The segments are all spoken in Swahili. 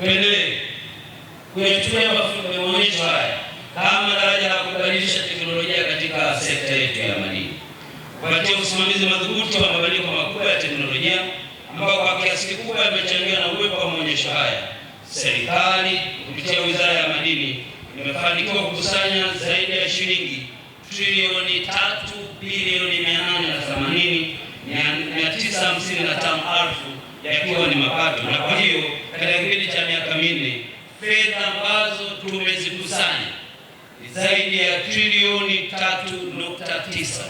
tuendelee kuyachukulia mafunzo ya maonyesho haya kama daraja la kubadilisha teknolojia katika sekta yetu ya madini, kupatia usimamizi madhubuti wa mabadiliko makubwa ya teknolojia ambao kwa kiasi kikubwa yamechangiwa na uwepo wa maonyesho haya. Serikali kupitia Wizara ya Madini imefanikiwa kukusanya zaidi ya shilingi trilioni tatu bilioni mia nane na themanini mia tisa hamsini na tano elfu yakiwa ni mapato, na kwa hiyo katika kipindi cha miaka minne, fedha ambazo tumezikusanya ni zaidi ya trilioni tatu nukta tisa.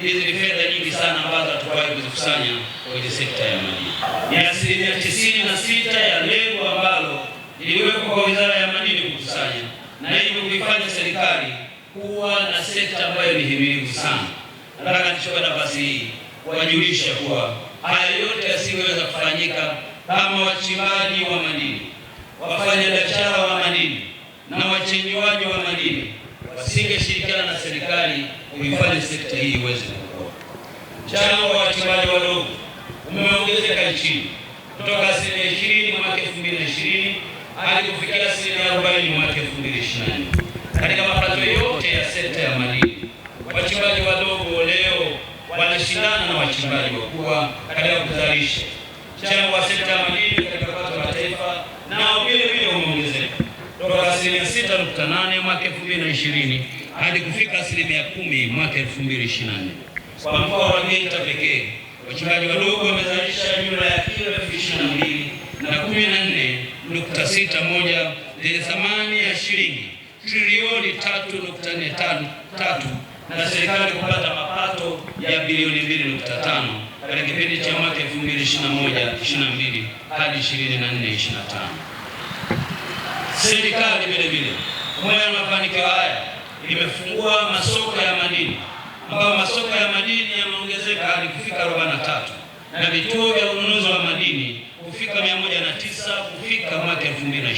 Hizi ni fedha nyingi sana ambazo hatukuwahi kuzikusanya kwenye sekta ya madini. Ni asilimia tisini na sita ya lengo ambalo iliwekwa kwa wizara ya madini kukusanya, na hivyo kuifanya serikali kuwa na sekta ambayo ni himilivu sana. Nataka nichukue nafasi hii kuwajulisha kuwa haya yote yasingeweza kufanyika kama wachimbaji wa madini, wafanyabiashara wa madini na wachenjuaji wa madini wasingeshirikiana na serikali kuifanya sekta hii iweze kukua. Mchango wa wachimbaji wadogo umeongezeka nchini kutoka asilimia ishirini mwaka elfu mbili na ishirini hadi kufikia asilimia arobaini mwaka elfu mbili ishirini na nne katika mapato yote ya sekta ya madini. Wachimbaji wadogo leo wanashindana na wachimbaji wakubwa katika kuzalisha Mchango wa sekta ya madini katika pato la taifa nao vile vile umeongezeka kutoka asilimia 6.8 mwaka 2020 hadi kufika asilimia 10 mwaka 2024. Kwa mkoa wa Geita pekee wachimbaji wadogo wamezalisha jumla ya kilo elfu ishirini na mbili na kumi na nne nukta sita moja zenye thamani ya shilingi trilioni tatu nukta nne tatu na serikali kupata mapato ya bilioni 2.5 katika kipindi cha mwaka 2021 22 hadi 24 25. Serikali vile vile pamoja na mafanikio haya imefungua masoko ya madini ambayo masoko ya madini yameongezeka hadi kufika 43 na vituo vya ununuzi wa madini kufika 109 kufika mwaka 2025.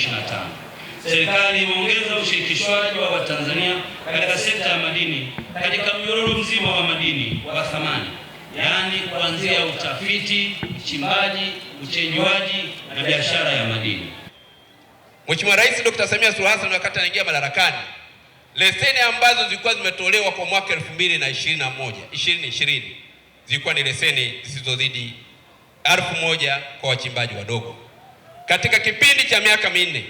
Serikali imeongeza ushirikishwaji wa Watanzania katika sekta ya madini katika mnyororo mzima wa madini wa thamani, yaani kuanzia utafiti, uchimbaji, uchenjuaji na biashara ya madini. Mheshimiwa Rais Dr. Samia Suluhu Hassan wakati anaingia madarakani, leseni ambazo zilikuwa zimetolewa kwa mwaka 2021 2020 zilikuwa ni leseni zisizozidi elfu moja kwa wachimbaji wadogo. Katika kipindi cha miaka minne,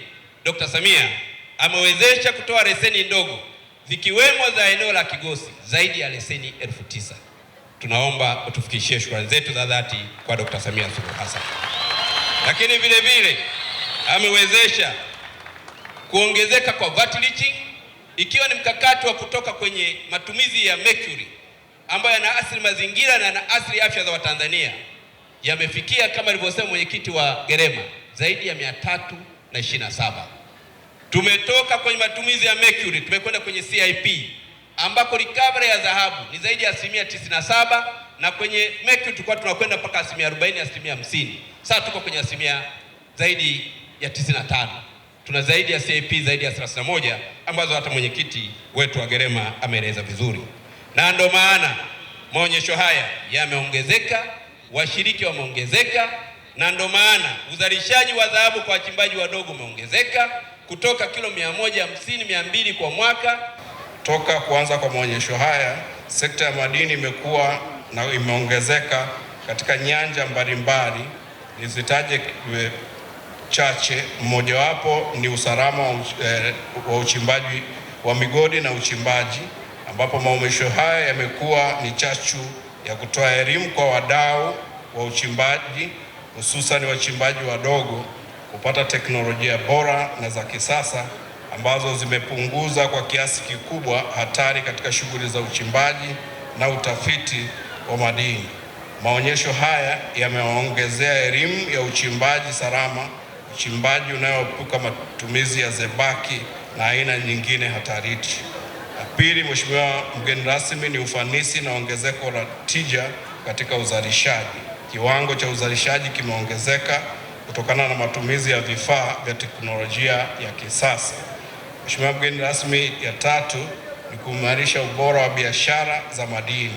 Dr. Samia amewezesha kutoa leseni ndogo zikiwemo za eneo la Kigosi zaidi ya leseni elfu tisa. Tunaomba utufikishie shukrani zetu za dhati kwa Dr. Samia Suluhu Hassan, lakini vile vile amewezesha kuongezeka kwa VAT leaching ikiwa ni mkakati wa kutoka kwenye matumizi ya mercury ambayo yana asili mazingira na asili afya za Watanzania yamefikia kama alivyosema mwenyekiti wa Gerema zaidi ya mia tatu na ishirini na saba. Tumetoka kwenye matumizi ya mercury tumekwenda kwenye CIP ambako recovery ya dhahabu ni zaidi ya asilimia tisini na saba na kwenye mercury tulikuwa tunakwenda mpaka asilimia arobaini asilimia hamsini Sasa tuko kwenye asilimia zaidi ya tisini na tano tuna zaidi ya CIP zaidi ya 31 ambazo hata mwenyekiti wetu wa Gerema ameeleza vizuri, na ndio maana maonyesho haya yameongezeka, washiriki wameongezeka, na ndio maana uzalishaji wa dhahabu kwa wachimbaji wadogo umeongezeka kutoka kilo 150 200 kwa mwaka. Toka kuanza kwa maonyesho haya, sekta ya madini imekuwa na imeongezeka katika nyanja mbalimbali, nizitaje chache. Mmojawapo ni usalama eh, wa uchimbaji wa migodi na uchimbaji, ambapo maonyesho haya yamekuwa ni chachu ya kutoa elimu kwa wadau wa uchimbaji, hususan wachimbaji wadogo kupata teknolojia bora na za kisasa ambazo zimepunguza kwa kiasi kikubwa hatari katika shughuli za uchimbaji na utafiti wa madini. Maonyesho haya yamewaongezea elimu ya uchimbaji salama, uchimbaji unaoepuka matumizi ya zebaki na aina nyingine hatarishi. La pili, Mheshimiwa mgeni rasmi, ni ufanisi na ongezeko la tija katika uzalishaji. Kiwango cha uzalishaji kimeongezeka kutokana na matumizi ya vifaa vya teknolojia ya kisasa. Mheshimiwa mgeni rasmi, ya tatu ni kuimarisha ubora wa biashara za madini.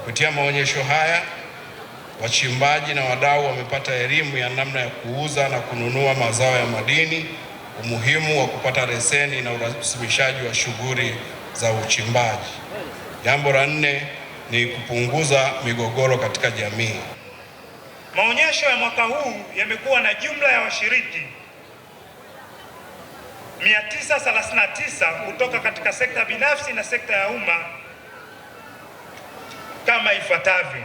Kupitia maonyesho haya, wachimbaji na wadau wamepata elimu ya namna ya kuuza na kununua mazao ya madini, umuhimu wa kupata leseni na urasimishaji wa shughuli za uchimbaji. Jambo la nne ni kupunguza migogoro katika jamii. Maonyesho ya mwaka huu yamekuwa na jumla ya washiriki 939 kutoka katika sekta binafsi na sekta ya umma kama ifuatavyo: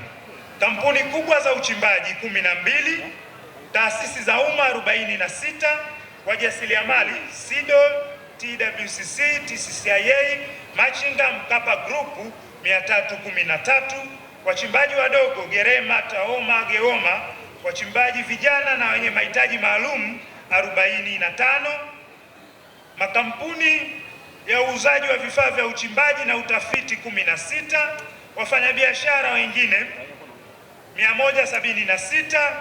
kampuni kubwa za uchimbaji 12, taasisi za umma 46, wajasiriamali SIDO, TWCC, TCCIA, Machinga, Mkapa Group 313 wachimbaji wadogo Gerema, Taoma, Geoma, wachimbaji vijana na wenye mahitaji maalum 45, makampuni ya uuzaji wa vifaa vya uchimbaji na utafiti 16, wafanyabiashara wengine 176,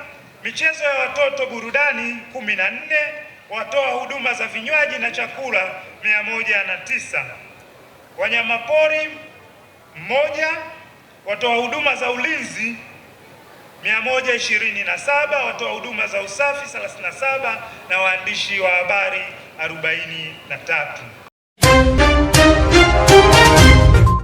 michezo ya watoto burudani 14, watoa huduma za vinywaji na chakula 109, wanyamapori mmoja watoa huduma za ulinzi 127, watoa huduma za usafi 37 na waandishi wa habari 43.